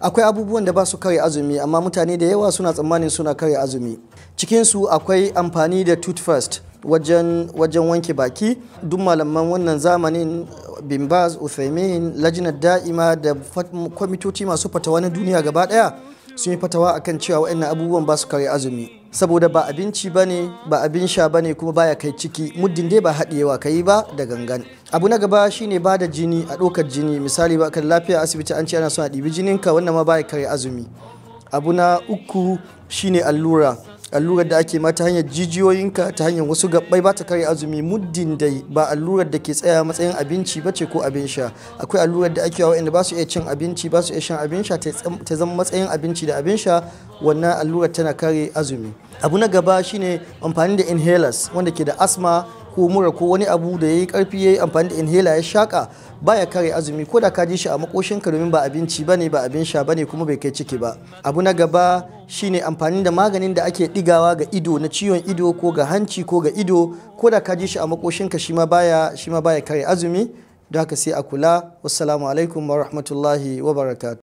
akwai abubuwan da ba su karya azumi amma mutane da yawa suna tsammanin suna karya azumi cikinsu akwai amfani da toothpaste wajen wajen wanke baki duk malaman wannan zamanin bimbaz uthaymin lajinar da'ima da kwamitoci masu fatawa na duniya gaba daya sun yi fatawa akan cewa waɗannan abubuwan ba su kare azumi saboda ba abinci ba ne ba abin sha ba ne kuma baya kai ciki muddin dai ba haɗewa ka yi ba da gangan abu na gaba shine ba da jini a ɗaukar jini misali ba kan lafiya asibiti an ce ana son a ɗibi jininka wannan ma baya kare azumi abu na uku shine allura allurar da ake ma ta hanyar jijiyoyinka ta hanyar wasu gabbai ba ta kare azumi muddin dai ba allurar da ke tsaya matsayin abinci ba ce ko abin sha akwai allurar da ake inda ba su iya cin abinci ba su iya shan abin sha ta zama matsayin abinci da abin sha wannan allurar tana kare azumi abu na gaba shine amfani da inhalers wanda ke da asma ko mura ko wani abu da ya yi karfi ya yi amfani da inhaler ya shaka baya kare azumi ko da ka ji shi a makoshinka domin ba abinci bane ba abin sha bane kuma bai kai ciki ba abu na gaba shine amfani da maganin da ake digawa ga ido na ciwon ido ko ga hanci ko ga ido ko da ka ji shi a makoshinka shi ma baya shi ma baya kare azumi da haka sai a kula wassalamu alaikum wa rahmatullahi wa barakatuh